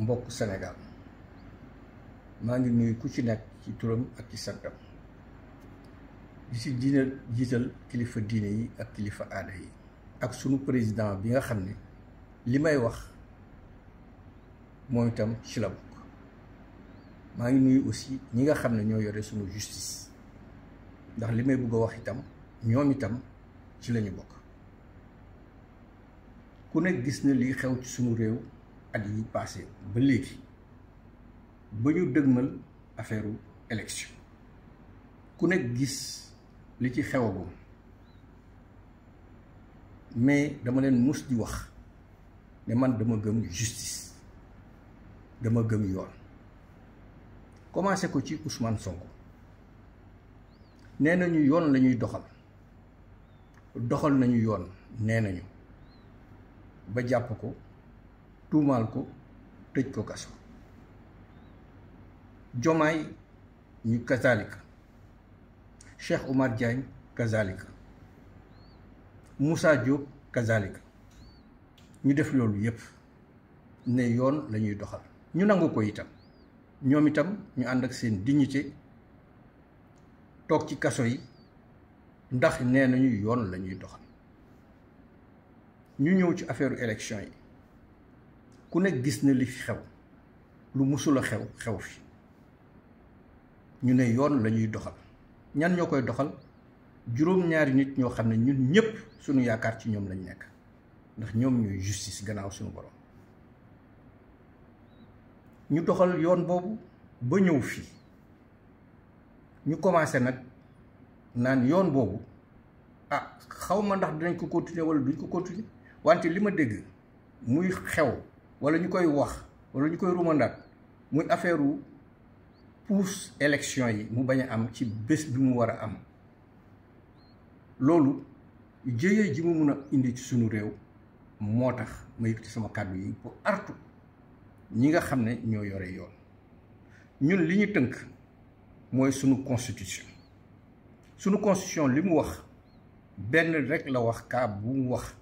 mbokk Sénégal maa ngi nuyu ku ci nekk ci turam ak ci santam di ci diina jiital kilifa diine yi ak kilifa aada yi ak sunu président bi nga xam ne li may wax moom itam ci la bokk maa ngi nuyu aussi ñi nga xam ne ñoo yore sunu justice ndax li may bugg a wax itam ñoom itam ci lañu bokk ku nekk gis na li xew ci sunu réew at yi passé ba léegi ba ñu dëgmal affaire élection ku nekk gis li ci xewagum mais dama leen mus di wax ne man dama gën justice dama gën yoon commencé ko ci Ousmane Sonko nee nañu yoon lañuy doxal doxal nañu yoon nee nañu ba jàpp ko. tuumaal ko tëj ko kaso jomaay ñu kazalika Cheikh Oumar Diagne kazalika Moussa jóg kazalika ñu def loolu yépp ne yoon lañuy doxal ñu nangu ko itam ñoom itam ñu ànd ak seen dignité toog ci kaso yi ndax ne nañu yoon la ñuy doxal ñu ñëw ci affaire élection yi ku nekk gis na li fi xew lu musula xew xew fii ñu ne yoon la doxal ñan ñoo koy doxal juróom-ñaari nit ñoo xam ne ñun ñëpp suñu yaakaar ci ñoom lañ nekk ndax ñoom ñooy justice gannaaw suñu borom ñu doxal yoon boobu ba ñëw fii ñu commencé nag naan yoon boobu ah xaw ma ndax dinañ ko continuer wala duñ ko continuer wante li ma dégg muy xew wala ñu koy wax wala ñu koy rumandaat muy affaire u pousse élection yi mu bañ a am ci bés bi mu war a am loolu jéyee ji mu mun a indi ci suñu réew moo tax ma ci sama kàddu yi pour artu ñi nga xam ne ñoo yore yoon ñun li ñu tënk mooy sunu constitution sunu constitution li mu wax benn rek la wax kaa bu mu wax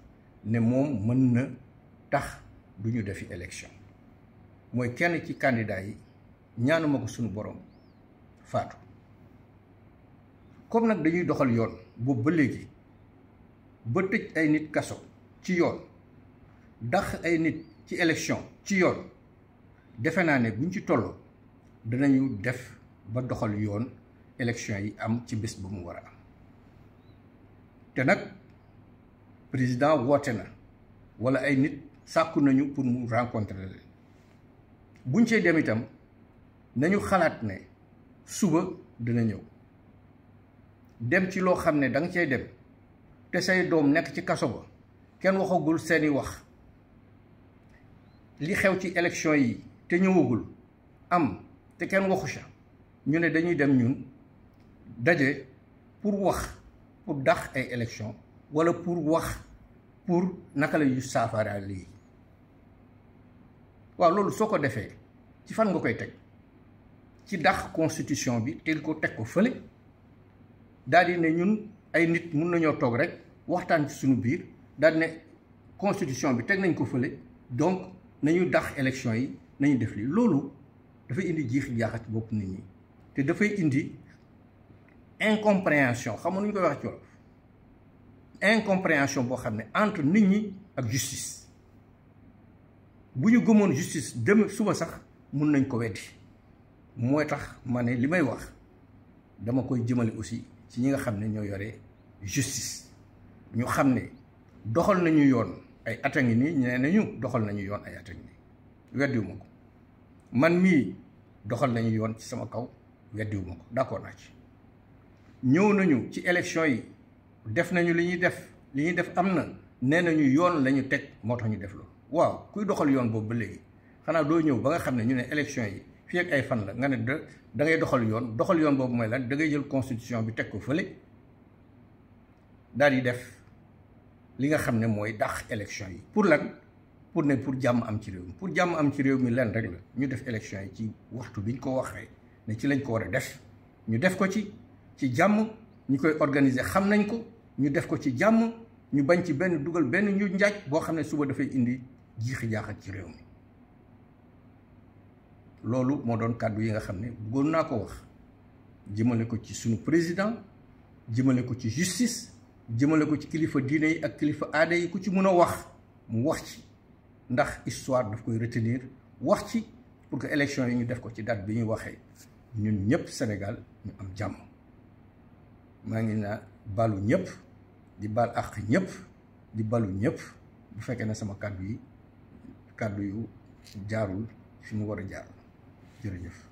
ne moom mën na tax du ñu defi élection mooy kenn ci candidat yi ñaanuma ko suñu borom faatu comme nag dañuy doxal yoon boobu ba léegi ba tëj ay nit kaso ci yoon dax ay nit ci élection ci yoon defe naa ne buñ ci tolloo danañu def ba doxal yoon élection yi am ci bés ba mu war a am te nag président woote na walla ay nit sàkku nañu pour mu rencontrer leen buñ cee dem itam nañu xalaat ne suba dina ñëw dem ci loo xam ne da nga cay dem te say doom nekk ci kaso ba kenn waxagul seeni wax li xew ci élection yi te ñëwagul am te kenn waxu sa ñu ne dañuy dem ñun daje pour wax pour dax ay élection wala pour wax pour naka la yu saafara lii waaw loolu soo ko defee ci fan nga koy teg ci dax constitution bi teel ko teg ko fële daal di ne ñun ay nit mun nañoo toog rek waxtaan ci suñu biir daal di ne constitution bi teg nañ ko fële donc nañu dax élection yi nañu def lii loolu dafay indi jiix jaaxa ci bopp nit ñi te dafay indi incompréhension xam nga nu ñu koy wax ci wolof incompréhension boo xam ne entre nit ñi ak justice bu ñu gëmoon justice dem suba sax mun nañ ko weddi mooy tax ma ne li may wax dama koy jëmale aussi ci ñi nga xam ne ñoo yore justice ñu xam ne doxal nañu yoon ay at a ngi nii nee nañu doxal nañu yoon ay at a ngi weddiwuma ko man mii doxal nañu yoon ci sama kaw weddiwuma ko d'accord naa ci ñëw nañu ci élection yi def nañu li ñuy def li ñuy def am na nee nañu yoon la ñu teg moo tax ñu def loolu waaw kuy doxal yoon boobu ba léegi xanaa doo ñëw ba nga xam ne ñu ne élection yi fii ak ay fan la nga ne da dangay doxal yoon doxal yoon boobu mooy lan da ngay jël constitution bi teg ko fële daal di def li nga xam ne mooy dax élection yi pour lan pour ne pour jàmm am ci réew mi pour jàmm am ci réew mi lenn rek la ñu def élection yi ci waxtu bi ñu ko waxee ne ci lañ ko war a def ñu def ko ci ci jàmm ñu koy organiser xam nañ ko ñu def ko ci jàmm ñu bañ ci benn dugal benn ñu njaaj boo xam ne suba dafay indi jiixi jaaxal ci réew mi loolu moo doon kàddu yi nga xam ne bëggoon naa ko wax jëmale ko ci sunu président jëmale ko ci justice jëmale ko ci kilifa diine yi ak kilifa aada yi ku ci mën a wax mu wax ci ndax histoire daf koy retenir wax ci pour que élection yi ñu def ko ci date bi ñuy waxee ñun ñëpp Sénégal ñu am jàmm maa ngi naa balu ñëpp di bal àq ñëpp di balu ñëpp bu fekkee ne sama kàddu yi kàddu yu jaarul fi mu war a jaar jërëjëf